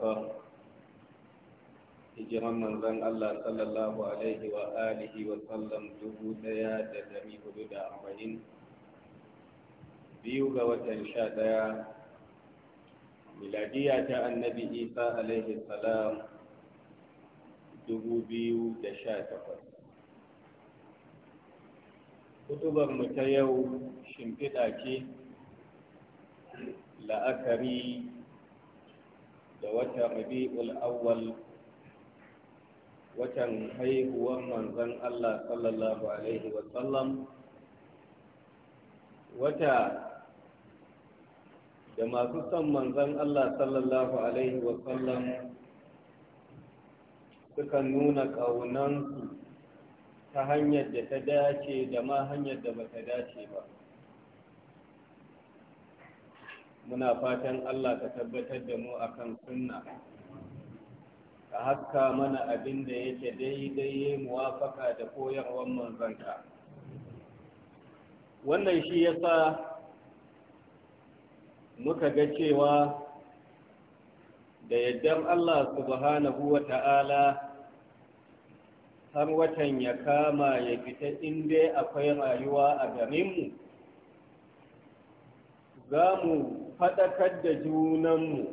takwas hijiran manzon Allah sallallahu alaihi wa alihi wa sallam dubu daya da dari hudu da arba'in biyu ga watan sha daya miladiya ta annabi isa alaihi salam dubu biyu da sha takwas kutubar mu ta yau shimfiɗa ce la'akari da watan rabi'ul awwal watan haihuwar manzon Allah sallallahu alaihi Sallam wata da masu son manzon Allah sallallahu alaihi Sallam suka nuna ƙaunansu ta hanyar da ta dace da ma hanyar da ba ta dace ba muna fatan Allah ka tabbatar da mu akan sunna ka haska mana abin da yake daidai muwafaka da koyarwar manzanka wannan shi yasa muka ga cewa da yaddan Allah subhanahu wa ta'ala har watan ya kama ya fita inda akwai rayuwa a garinmu za mu faɗakar da junanmu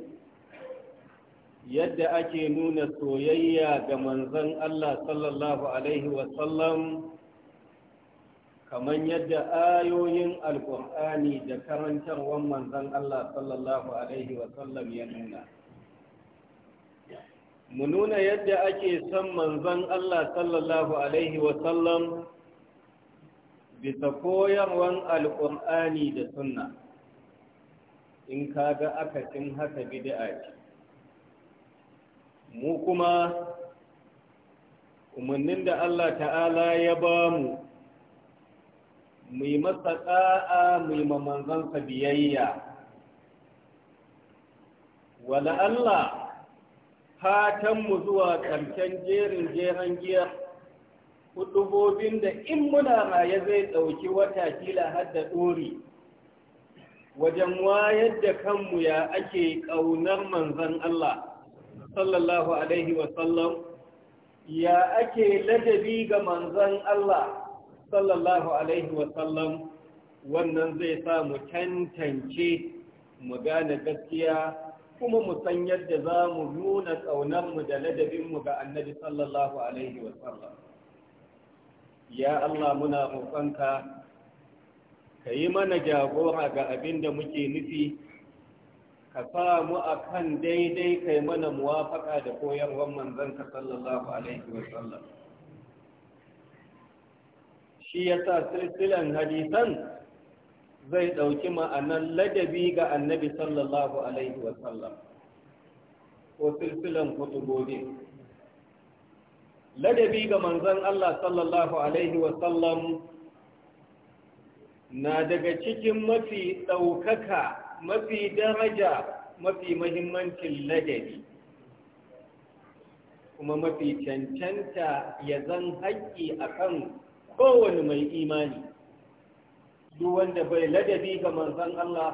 yadda ake nuna soyayya ga manzan Allah sallallahu Alaihi wasallam kamar yadda ayoyin Alƙur'ani da karantarwar manzan Allah sallallahu Alaihi wasallam ya nuna. Mu nuna yadda ake son manzan Allah sallallahu Alaihi wasallam bisa koyarwar Alƙur'ani da sunna. in ka ga cin haka bid'a ce mu kuma umarnin da Allah ta'ala ya ba mu mai masa mai mamanzansa biyayya wala Allah fatanmu zuwa ƙarshen jerin jeren giya hudubobin da in muna raye zai ɗauki wata kila har da ɗori wajen wayar da kanmu ya ake ƙaunar manzan Allah sallallahu alaihi wasallam ya ake ladabi ga manzan Allah sallallahu alaihi wasallam wannan zai sa mu tantance mu gane gaskiya kuma mu san yadda za mu nuna ƙaunarmu da ladabinmu ga annabi sallallahu alaihi wasallam ya Allah muna roƙonka ka yi mana jagora ga abin da muke nufi ka samu a kan daidai yi mana muwafaka da koyarwar manzanka sallallahu alaihi wasallam shi ya sa silsilan hadisan zai ɗauki ma'anar ladabi ga annabi sallallahu alaihi wasallam ko silsilan kutubobi ladabi ga manzan Allah sallallahu alaihi wasallam na daga cikin mafi ɗaukaka mafi daraja mafi mahimmancin ladabi kuma mafi cancanta ya zan haƙƙi akan kowane mai imani duk wanda bai ladabi ga manzon Allah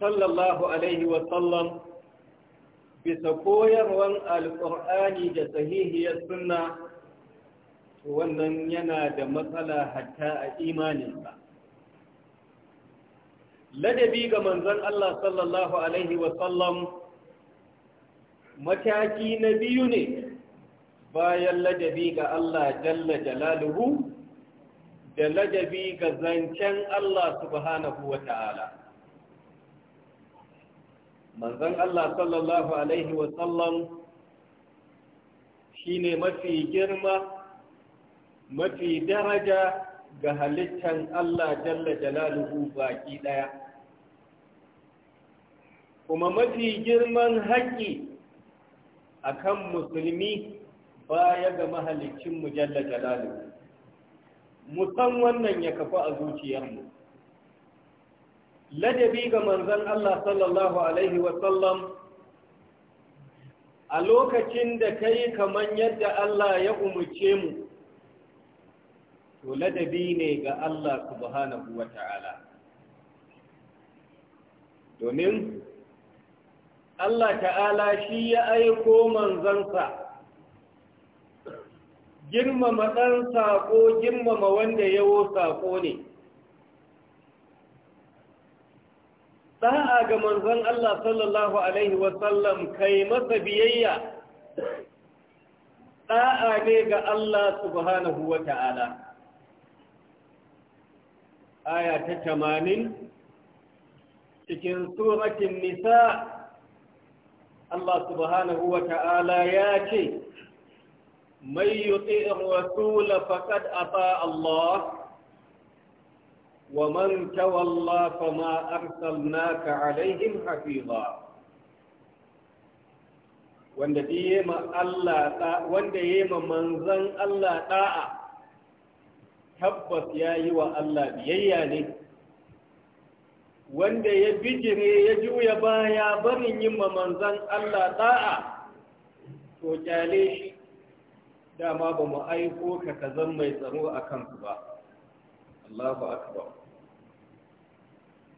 sallallahu alaihi wasallam bisa koyarwan alƙur'ani da sahihiyar sunna wannan yana da matsala hatta a imaninsa ladabi ga manzon Allah sallallahu alaihi wasallam mataki na biyu ne bayan ladabi ga Allah jalla jalaluhu da ladabi ga zancen Allah subhanahu wa ta'ala manzon Allah sallallahu alaihi wasallam shi ne mafi girma mafi daraja ga halittan Allah jalla jalaluhu baki ɗaya kuma mafi girman haƙƙi akan musulmi baya ga mahalicinmu jalla jalaluhu musan wannan ya kafa a zuciyarmu ladabi ga manzon Allah sallallahu alaihi wasallam a lokacin da kai kaman yadda Allah ya umuce mu to ladabi ne ga Allah subhanahu wa ta'ala domin Allah ta'ala shi ya aiko manzansa girmama ɗan saƙo girmama wanda yawo saƙo ne sa'a ga manzan Allah sallallahu Alaihi wasallam kai masa biyayya ɗa'a ne ga Allah subhanahu wa ta'ala aya ta tamanin cikin suratin nisa Allah subhanahu wa ta'ala ya ce mai yuti rasula faqad ata Allah wa man tawalla fama arsalnaka alaihim hafiza wanda yi ma Allah wanda yi ma manzan Allah ɗa'a tabbas ya yi wa Allah biyayya ne wanda ya bijire ya juya baya barin yin manzan Allah ta'a. to kyale shi dama ba mu aiko ka ka zan mai tsaro a kansu ba Allahu akbar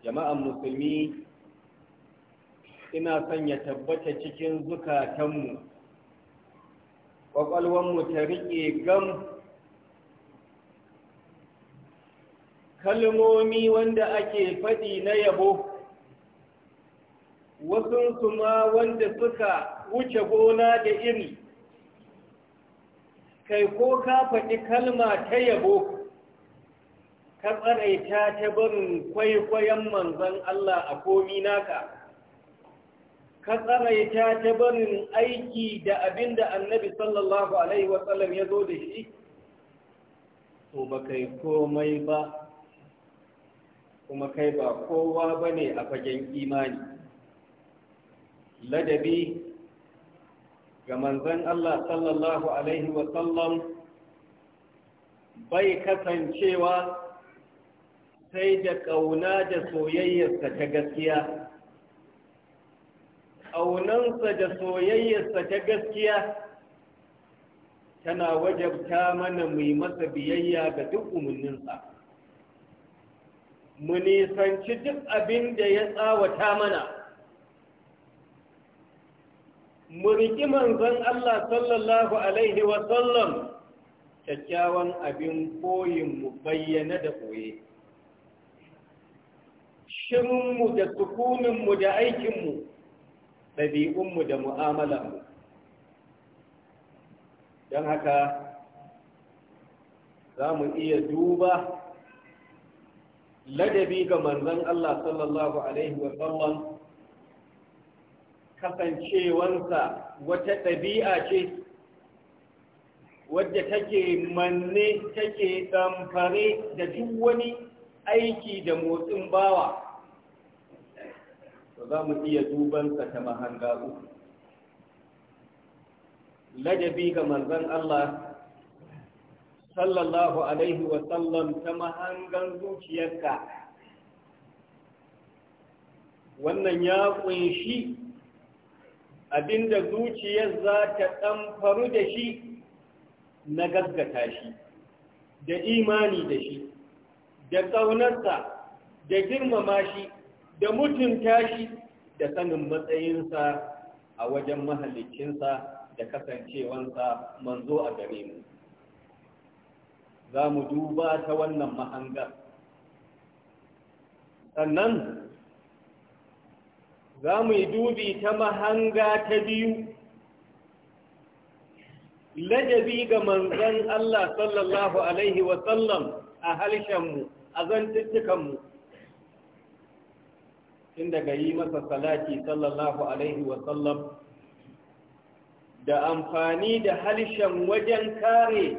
jama'an musulmi ina son ya tabbata cikin zukatanmu ƙwaƙwalwanmu ta riƙe gam kalmomi wanda ake faɗi na yabo Wasu ma wanda suka wuce gona da iri kai ko ka faɗi kalma ta yabo ka tsaraita ta barin kwaikwayon manzan Allah a komi naka ka tsaraita ta barin aiki da abinda annabi sallallahu alaihi wasallam ya zo da shi to ba kai komai ba kuma kai ba kowa ba ne a fagen imani ladabi ga manzan Allah sallallahu Alaihi wasallam bai kasancewa sai da ƙauna da soyayyarsa ta gaskiya ƙaunansa da soyayyarsa ta gaskiya tana wajabta mana mai masa biyayya ga duk umarninsa mu nisanci duk abin da ya tsawata mana mu riƙi manzon Allah sallallahu alaihi wasallam kyakkyawan abin koyin mu bayyana da koye shirinmu da sukuninmu da aikinmu ɗabi'unmu da mu'amalanmu don haka za mu iya duba ladabi ga manzon Allah sallallahu alaihi wa sallam kasancewansa wata ɗabi'a ce wadda take manne take samfari, da duk wani aiki da motsin bawa za mu iya dubansa ta mahanga ladabi ga manzon Allah sallallahu alaihi wa sallam ta mahangan zuciyarka wannan ya kunshi abinda zuciyar za ta ɗan da shi na gaggata shi da imani da shi da ƙaunarsa da girmama shi da mutunta shi da sanin matsayinsa a wajen mahalicinsa da kasancewansa manzo a gare mu za mu duba ta wannan mahangar sannan za mu yi dubi ta mahanga ta biyu Lajabi ga manzan Allah sallallahu Alaihi wasallam a halshenmu a zantuttukanmu tun daga yi masa salati sallallahu Alaihi wasallam da amfani da harshen wajen kare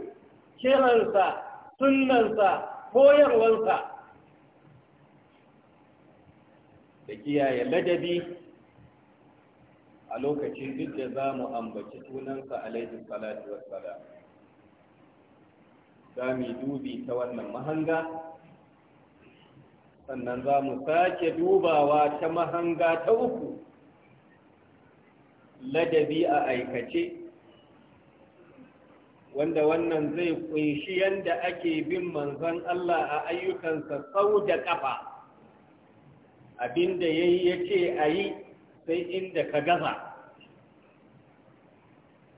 kiransa sunansa koyarwansa da kiyaye ladabi a lokacin duk da za mu ambaci sunansa laifin salatu wassalam za mu dubi ta wannan mahanga sannan za mu sake dubawa ta mahanga ta uku ladabi a aikace wanda wannan zai kunshi yadda ake bin manzon Allah a ayyukansa sau da kafa abinda yayi yace ayi sai inda ka gaza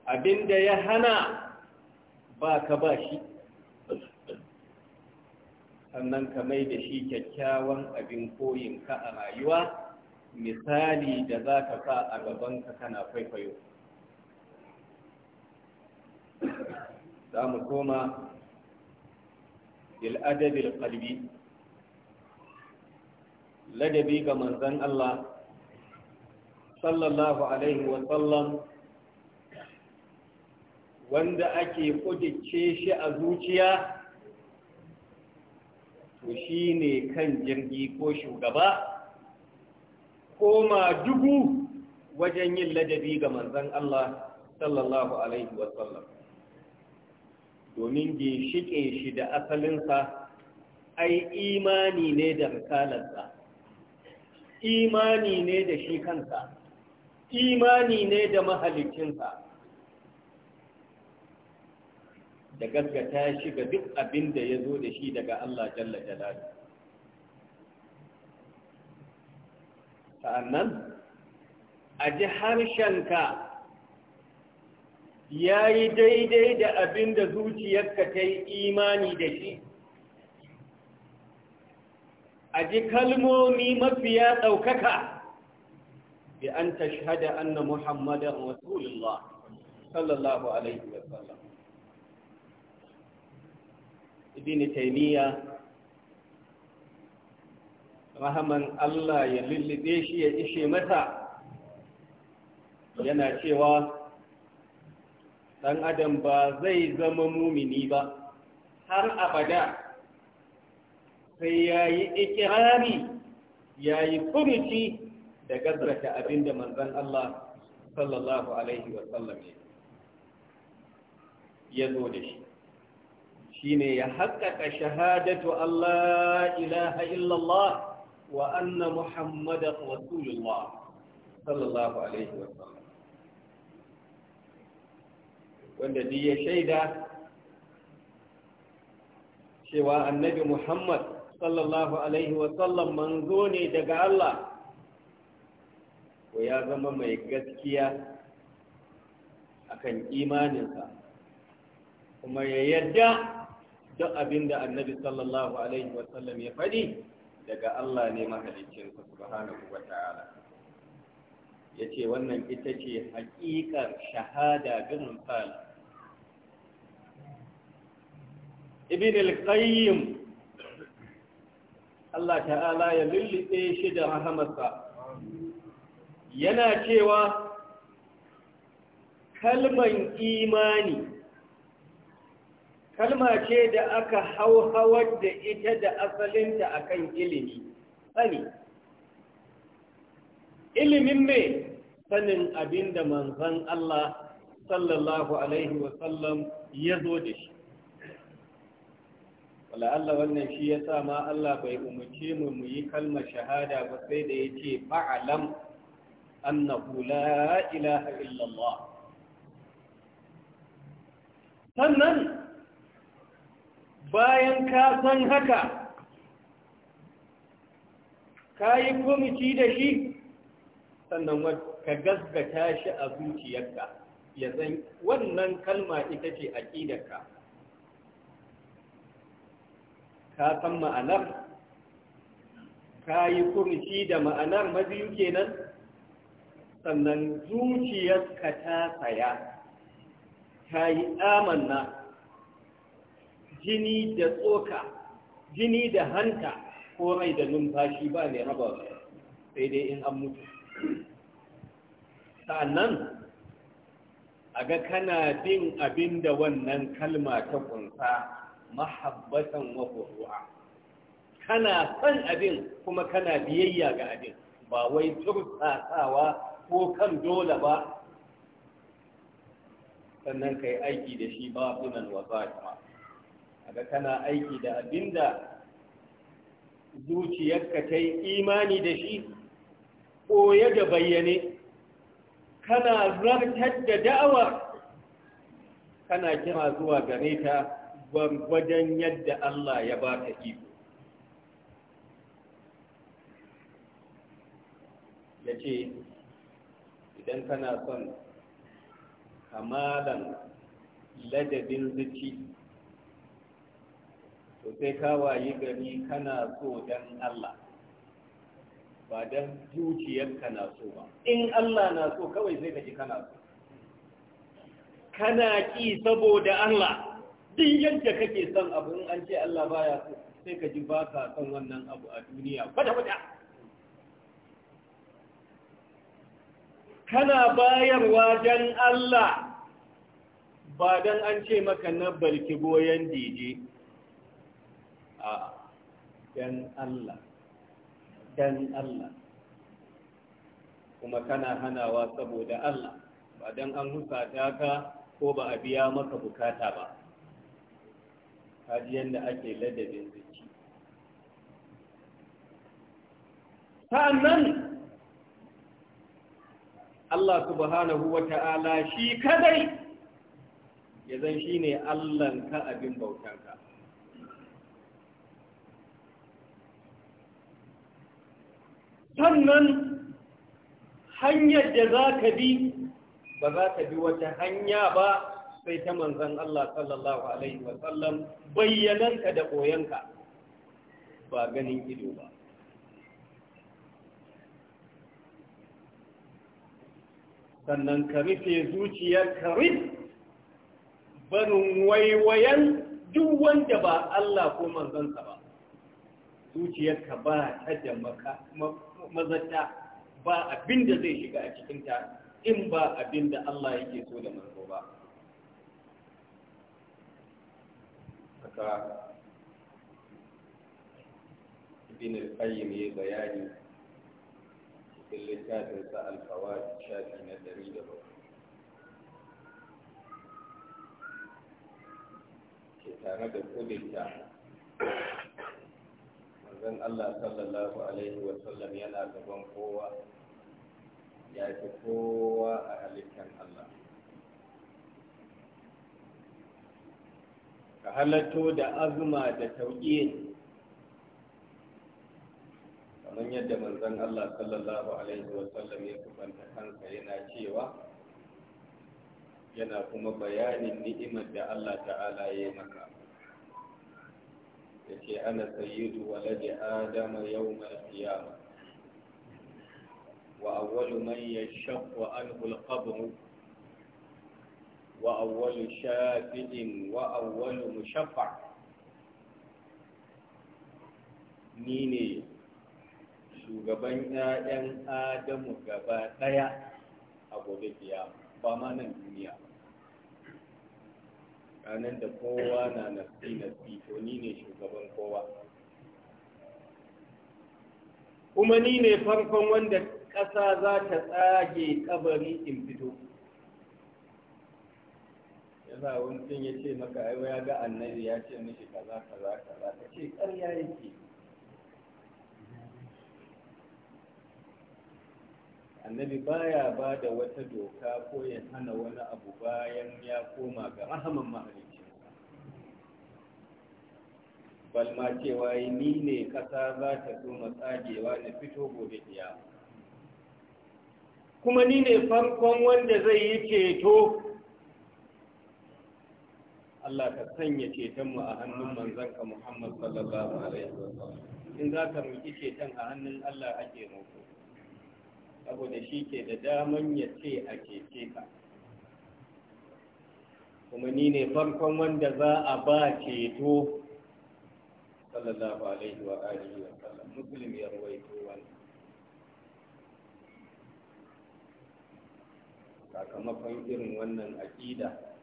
abinda ya hana ba ka ba shi sannan ka mai da shi kyakkyawan abin koyinka a rayuwa misali da za ka sa a gabanka kana kwaikwayo. za mu koma bil'adabil qalbi ladabi ga manzan Allah sallallahu alaihi wa sallam wanda ake kudice shi a zuciya to shi ne kan jirgi ko shugaba koma dubu wajen yin ladabi ga manzan Allah sallallahu alaihi wa sallam domin ginshiƙin shi da asalinsa ai imani ne da risalarsa imani ne da shi kansa imani ne da mahalicinsa da gaskata shi ga duk abin da ya zo da shi daga Allah jalla jalalu sa'annan a ji harshenka ya yi daidai da abin da zuciyarka ta yi imani da shi a ji kalmomi mafiya ɗaukaka bi an ta shahada anna muhammadan rasulullah sallallahu alaihi wasallam ibn taimiyya rahaman Allah ya lullube shi ya ishe mata yana cewa Dan adam ba zai zama mumini ba har abada sai ya yi ikirari ya yi furuci da gazrata abinda manzan Allah sallallahu Alaihi wasallam ya zo da shi shi ne ya haƙaƙa shahadatu Allah ilaha illallah wa anna Muhammadan Rasulullah sallallahu Alaihi wasallam wanda duk ya shaida cewa annabi Muhammad sallallahu alaihi wasallam manzo ne daga Allah ko ya zama mai gaskiya akan imaninsa kuma ya yarda duk abinda annabi sallallahu alaihi wasallam ya faɗi daga Allah ne mahalicinsa subhanahu wa ta'ala ya ce wannan ita ce haƙiƙar shahada ga misali ibn al-qayyim Allah ta'ala ya lullube shi da rahamarsa yana cewa kalman imani kalma ce da aka hauhawar da ita da asalinta akan ilimi sani ilimin mai sanin abin da manzan Allah sallallahu Alaihi wasallam ya zo da shi Allah wannan shi ya sa ma Allah bai umarci mu mu yi kalmar shahada ba sai da ya ce fa'alam annahu la ilaha illallah sannan bayan ka san haka ka yi kwamiti da shi sannan ka gaskata shi a zuciyarka ya zan wannan kalma ita ce aƙidarka ka san ma'anar ka yi kurci da ma'anar mabiyu kenan sannan zuciyar ka ta saya kayi yi amanna jini da tsoka jini da hanta ko rai da numfashi ba ne raba sai dai in an mutu sa'annan a ga kana bin abin da wannan kalma ta kunsa mahabbatan wa furu'a kana san abin kuma kana biyayya ga abin ba wai turtsasawa ko kan dole ba sannan kai aiki da shi ba sunan wazatima aga kana aiki da abinda zuciyarka ta yi imani da shi Koya da bayyane kana zartar da da'awar kana kira zuwa gare ta gwargwadon yadda Allah ya ba ta iko ya ce idan kana son kamalan ladabin zuci to sai kawaye gari kana so don Allah ba don zuciyarka na so ba in Allah na so kawai zai ka ji kana so kana ƙi saboda Allah duk yadda kake son abu in an ce Allah baya so sai ka ji ba ka son wannan abu a duniya kwata-kwata kana bayarwa don Allah ba don an ce maka na barki goyon dije a don Allah don Allah kuma kana hanawa saboda Allah ba don an husata ka ko ba a biya maka bukata ba har yadda ake ladabin zuci sa'annan Allah subhanahu wa ta'ala shi kadai ya zan shi ne ka abin bautanka. Sannan hanyar da za ka bi ba za ka bi wata hanya ba sai ta manzan Allah sallallahu alaihi wasallam bayyananka da koyanka ba ganin ido ba sannan ka rufe zuciyar ka rufe barin waiwayen duk wanda ba Allah ko manzansa ba zuciyarka ba ta da mazata ba abin da zai shiga a cikinta in ba abin da Allah yake so da manzo ba haka ibn al-qayyim ya bayani cikin littafin sa al-fawaid shafi na 107 ke tare da kudinta manzon Allah sallallahu alaihi wa sallam yana gaban kowa ya fi kowa a halittar Allah halatto da azuma da tauƙi kamar yadda manzon Allah sallallahu alaihi wasallam ya kubanta kansa yana cewa yana kuma bayanin ni'imar da Allah ta'ala ya maka ya ce ana sayyidu walade adama yau mai wa awwalu man yashaqqu anhu al وأول شافد mushaffa. Ni ne shugaban ‘ya'yan Adamu gaba ɗaya a gobe kiyama ba ma nan duniya ranar da kowa na nasi nasi to ni ne shugaban kowa kuma ni ne farkon wanda ƙasa za ta tsage kabari in fito sa wani ya ce maka aiwa ya ga annabi ya ce mishi kaza kaza kaza ka ce ƙarya yake annabi baya ba da wata doka ko ya hana wani abu bayan ya koma ga rahaman mahalicci balma cewa ni ne ƙasa za ta so matsagewa na fito gobe kuma ni ne farkon wanda zai yi ceto Allah ka sanya cetonmu a hannun manzanka Muhammad sallallahu alaihi wasallam in za ka roƙi ceton a hannun Allah ake roƙo saboda shi ke da daman ya ce a cece ka kuma ni ne farkon wanda za a ba ceto sallallahu alaihi wa alihi wa sallam muslim ya rawaito wannan sakamakon irin wannan aƙida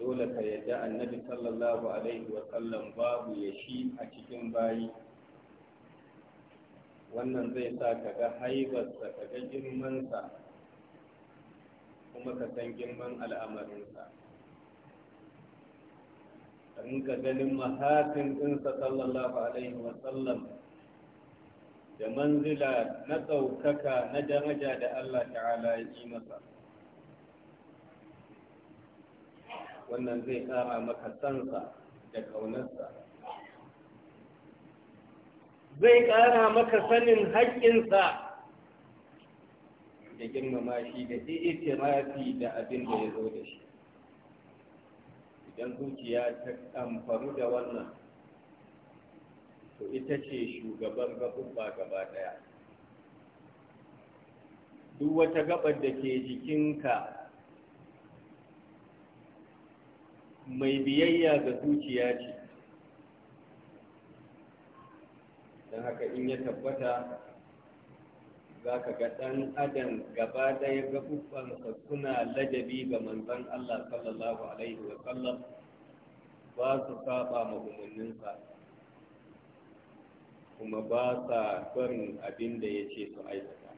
dole ka yadda annabi sallallahu alaihi wa sallam babu ya shi a cikin bayi wannan zai sa ka ga haibarsa ka ga girmansa kuma ka san girman al'amarinsa ka ganin mahatin ɗinsa sallallahu alaihi wa sallam da manzila na ɗaukaka na daraja da Allah ta'ala ya yi masa wannan zai ƙara maka sansa da ƙaunarsa zai ƙara maka sanin haƙƙinsa da girmama shi da itirafi da abin da ya zo da shi idan zuciya ta amfaru da wannan to ita ce shugaban gaɓuɓɓa gaba ɗaya duk wata gaɓar da ke jikinka mai biyayya ga zuciya ce don haka in ya tabbata za ka ga ɗan adam gaba ɗaya gaɓuɓɓansa suna ladabi ga manzan Allah sallallahu alaihi wa sallam ba su saba ma kuma ba sa barin abin da ya ce su aikata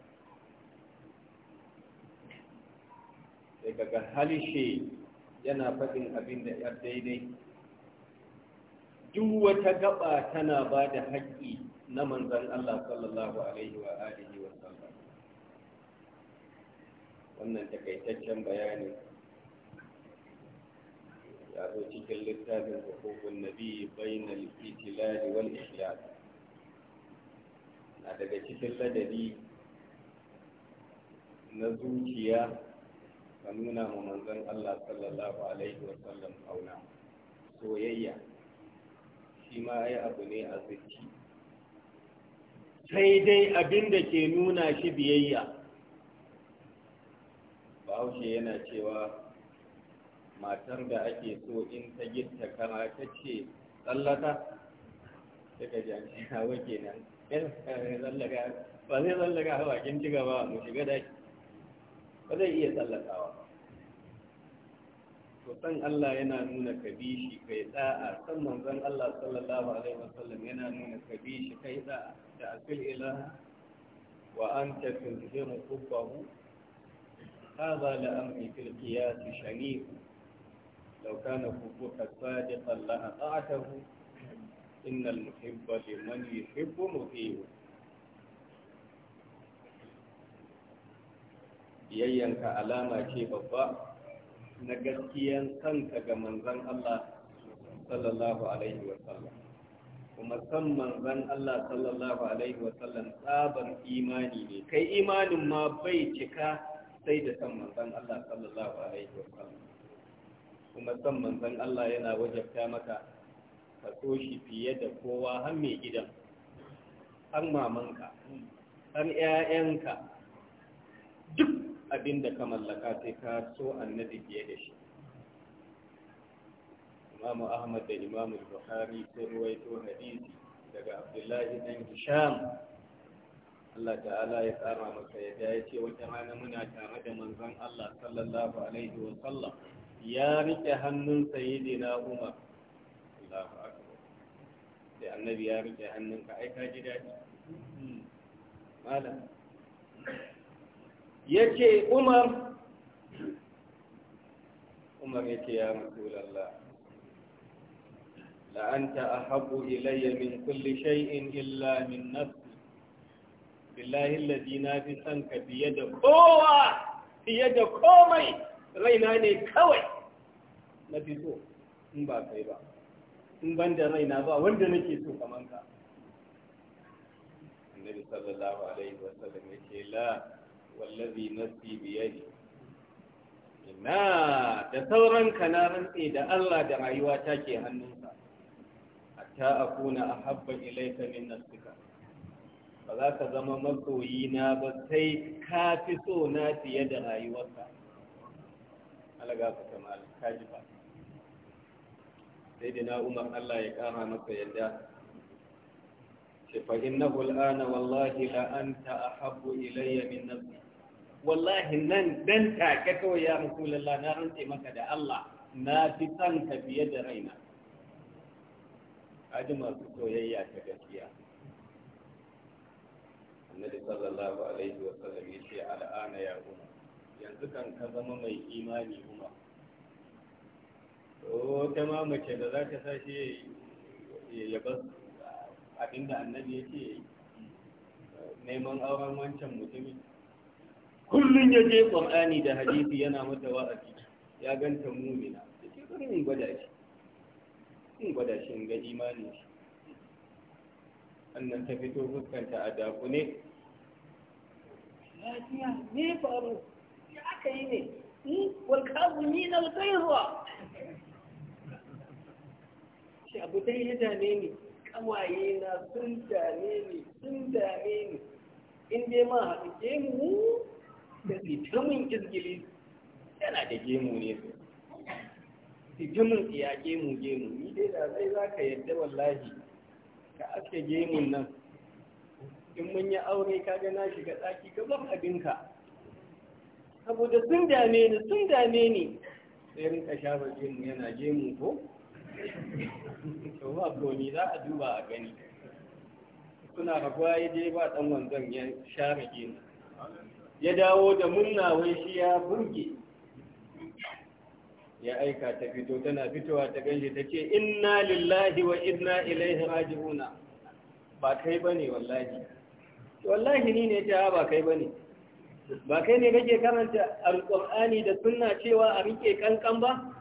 sai kaga halishe yana faɗin abin da ya daidai duk wata gaba tana ba da haƙƙi na manzan Allah sallallahu alaihi wa alihi wa sallam wannan takaitaccen bayani ya zo cikin littafin hukukun nabi bainal itilali wal ihlal na daga cikin ladabi na zuciya ka nuna ma manzon Allah sallallahu alaihi wa sallam kauna soyayya shi ma ai abu ne a zuci sai dai abin da ke nuna shi biyayya bahaushe yana cewa matar da ake so in ta gitta kama ta ce tsallaka daga jami'a wake nan ba zai tsallaka a kin ci gaba mu shiga daki ba zai iya tsallakawa to Allah yana nuna kabishi kai da'a san manzon Allah sallallahu alaihi wasallam yana nuna kabishi kai da'a da akil ilaha wa an anta tunziru kubbahu hadha la amri fil qiyas shanik law kana hubbuka sadiqan la ata'tahu innal muhibba liman mu muti'u biyayyanka alama ce babba na gaskiyan kanka ga manzon Allah sallallahu alaihi wa sallam kuma san manzon Allah sallallahu alaihi wa sallam tsabar imani ne kai imanin ma bai cika sai da san manzon Allah sallallahu alaihi wa sallam kuma san manzon Allah yana wajabta maka ka so shi fiye da kowa har mai gidan har mamanka an 'ya'yanka duk abin da ka mallaka sai ka so annabi fiye da shi Imam ahmad da imamu buhari sai ruwaito hadisi daga abdullahi dan hisham Allah ta'ala ya tsara masa yadda ya ce wata rana muna tare da manzon Allah sallallahu alaihi wa sallam ya rike hannun sayyidina Umar Allahu akbar sai annabi ya rike hannun ka ai ka ji dadi hmm. malam ya ce umar umar ya ce ya rasulallah la'anta a haɓu ilayya min kulli shay'in illa min nasu billahi allazi na fi son ka fiye da kowa fiye da komai raina ne kawai na fi so in ba kai ba in ban da raina ba wanda nake so kamar ka annabi sallallahu alaihi wasallam ya ce la wallazi nafsi biyadi inna da sauran kana rantsi da Allah da rayuwa ke hannunsa hatta akuna ahabba ilayka min nafsika ba za ka zama masoyi na ba sai ka fi so na fiye da rayuwarka alaga ka kamal ka ji ba sai na umar Allah ya kara masa yadda ce fa innahu al'ana wallahi la anta ahabbu ilayya min nafsi wallahi nan dan take kawai ya rasulullah na rantse maka da Allah na fi san ka fiye da raina kaji masu soyayya ta gaskiya annabi sallallahu alaihi wa sallam ya al'ana ya umma yanzu kan ka zama mai imani kuma to oh, ta ma mace da za ta sashi ya bar abinda annabi ya ce neman auren wancan mutumin kullum ya je qur'ani da hadisi yana mata wa'azi ya ganta mumina da ke in gwada shi in gwada shi ga imanin shi annan ta fito fuskanta a daku ne lafiya ne faru ya aka yi ne ni hmm, wal kazumi na ruwa. shi abu dai ya dame ni kawaye na sun dame ni sun dame ni in dai ma haɗu ke mu da fitamin izgili yana da gemu ne su fitamin iya gemu gemu ni dai da zai za ka yadda wallahi ka aske gemun nan in mun yi aure ka ga na shiga tsaki ga bar abinka saboda sun dame ni sun dame ni sai rinka shafa gemu yana gemu ko Yau ba goni za a duba a gani suna ragwaye dai ba ɗan wanzan ya share gemu ya dawo da munna wai shi ya burge ya aika ta fito tana fitowa ta ganje ta ce inna lillahi wa inna ilaihi raji'una ba kai bane wallahi wallahi ni ne ta ah, ba kai bane ba kai ne kake karanta alqur'ani da sunna cewa a rike kankan ba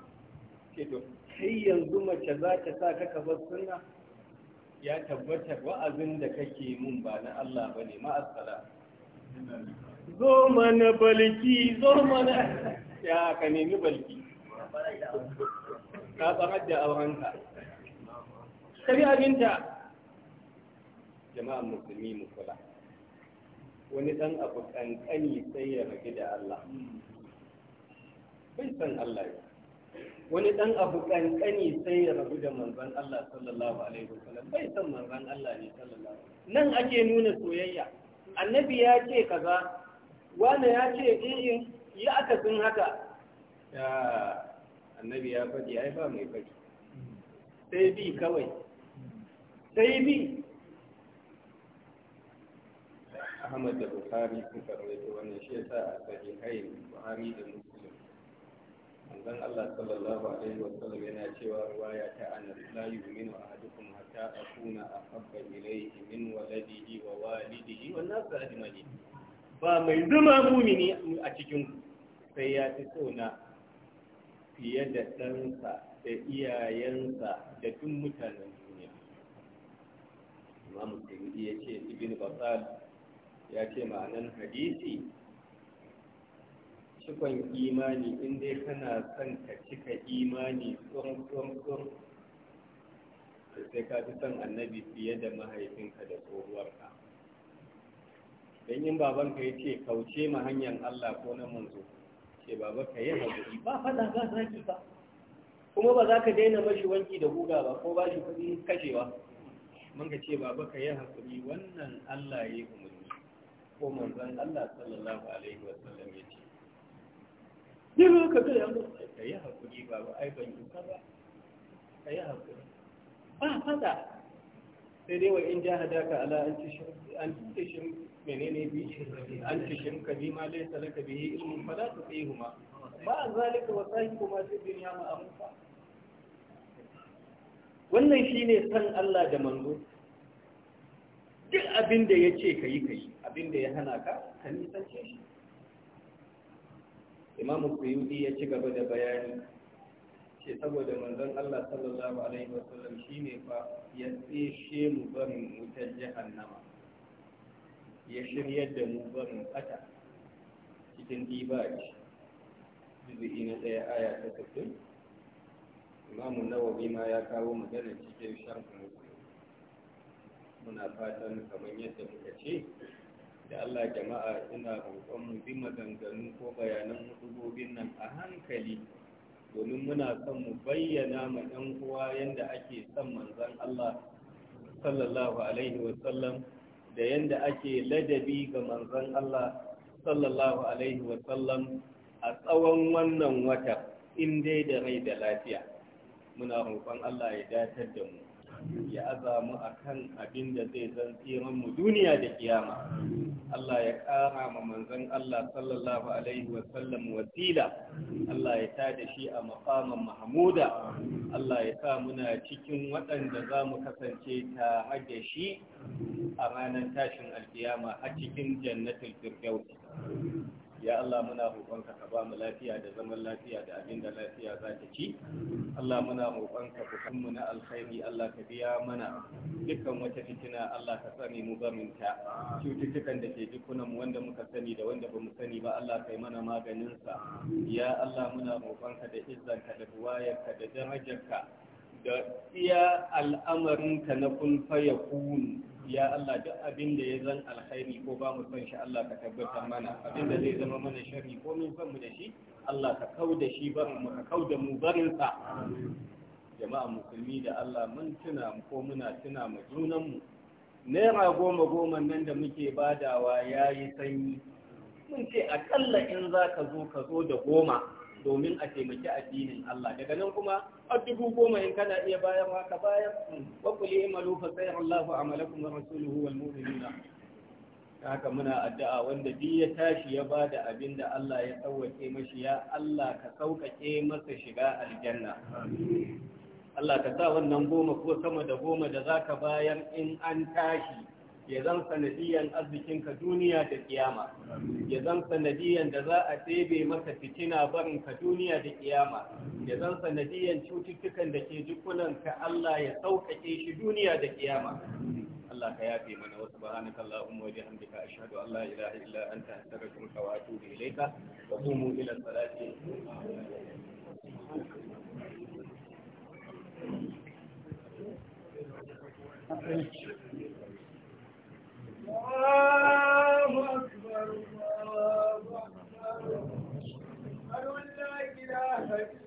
ce to sai yanzu mace za ta sa ka kafa sunna ya tabbata wa'azin da kake mun ba na Allah bane ma'assala zo mana balki zo mana ya ka nemi balki ka tsarar da aurenka kari abinta Jama'a musulmi musula, wani dan abu kankani sai ya rage da Allah bai san Allah ya wani dan abu kankani sai ya rabu da manzon Allah sallallahu alaihi wasallam bai san manzon Allah ne sallallahu nan ake nuna soyayya annabi ya ce kaza wanda ya ce in eh, eh, yi akasin haka ya annabi ya faɗi ai ba mai faɗi sai bi kawai sai bi Ahmad da buhari suka rawaito wannan shi yasa a sahihain buhari da Muslim zan Allah sallallahu alaihi wa sallam yana cewa riwaya ta Anas la yu'minu ahadukum hatta akuna ahabba ilayhi min waladihi wa walidihi wa nas ajma'in ba mai zama mumini a cikin sai ya fi tsona fiye da ɗansa da iyayensa da tun mutanen duniya imamu sayyidi ya ce ibn basal ya ce ma'anan hadisi cikon imani in dai kana son ka cika imani tsoron tsoron tsoron sai ka fi son annabi fiye da mahaifinka dan yin babanka ya ce kauce ma hanyar Allah ko na manzo ce baba ka yi haƙuri ba faɗa ba zaki ba kuma ba za ka daina mashi wanki da guga ba ko ba shi kudi kashewa mun ga ce baba ka yi haƙuri wannan Allah ya yi umarni ko manzon Allah sallallahu alaihi wa sallam ya ce ne ba ka ga yanzu ka yi haƙuri baba ai ban yi ba ka yi haƙuri ba faɗa sai dai wa in jahadaka ala an tushrik menene bi an tushin ka bi kabi laysa laka bihi ilmun fala huma. ba zalika wa kuma fi dunya ma amfa wannan shine san Allah da manzo duk abin da yace kai kai abin da ya hana ka ka nisance shi imamu kuyudi ya ci gaba da bayani ce saboda manzon Allah sallallahu alaihi wasallam shine fa ya tseshe mu barin wutar jahannama ya shiryar da mu barin kata cikin dibaji juzu'i na ɗaya aya ta sabbin imamu nawawi ma ya kawo magana cikin sharhin muna fatan kamar yadda muka ce da Allah jama'a ina roƙon mu bi maganganu ko bayanan hudubobin nan a hankali domin muna son mu bayyana ma ɗan uwa yadda ake son manzon Allah sallallahu alaihi wasallam da yadda ake ladabi ga manzon Allah sallallahu alaihi wasallam a tsawon wannan wata in dai da rai da lafiya muna roƙon Allah ya datar da mu ya aza mu kan abin da zai zan tsiran mu duniya da kiyama Allah ya ƙara ma manzon Allah sallallahu alaihi wasallam wasila Allah ya da shi a maqaman mahmuda Allah ya sa muna cikin waɗanda za mu kasance ta hage shi a ranar tashin alkiyama a cikin jannatin firdaus ya Allah muna roƙonka ka ba mu lafiya da zaman lafiya da abin da lafiya za ta ci Allah muna roƙonka ku mu na alkhairi Allah ka biya mana dukkan wata fitina Allah ka sani mu minta cututtukan da ke jikunan mu wanda muka sani da wanda bamu sani ba Allah kai mana maganin sa ya Allah muna roƙonka da ka da ka da ka da iya ka na kun fayakun ya Allah duk abin da ya zan alkhairi ko ba mu son shi Allah ka tabbatar mana abin da zai zama mana sharri ko mun san mu da shi Allah ka kau da shi barin mu ka kau da mu barin sa jama'a musulmi da Allah mun tuna ko muna tuna mu junan mu naira goma goma nan da muke badawa yayi sanyi mun ce akalla in zaka zo ka zo da goma domin a taimaki addinin Allah daga nan kuma a dubu goma in kana iya bayan haka bayan hmm, wa kulli imalu fa allahu amalakum wa rasuluhu wal mu'minuna haka muna addu'a wanda duk ya tashi ya bada abin da Allah ya sauke mashi ya Allah ka sauƙaƙe masa shiga aljanna Allah ka sa wannan goma ko sama da goma da zaka bayan in an tashi ya zan sanadiyan arzikinka duniya da kiyama ya zan sanadiyan da za a ɗebe maka fitina barinka duniya da kiyama ya zan sanadiyan cututtukan da ke ka Allah ya sauƙaƙe shi duniya da kiyama Allah ka yafe mana wasu subhanaka allahumma wa bihamdika ashhadu an la ilaha illa anta astaghfiruka wa atubu ilayka wa qumu ila salati Thank you. Thank you.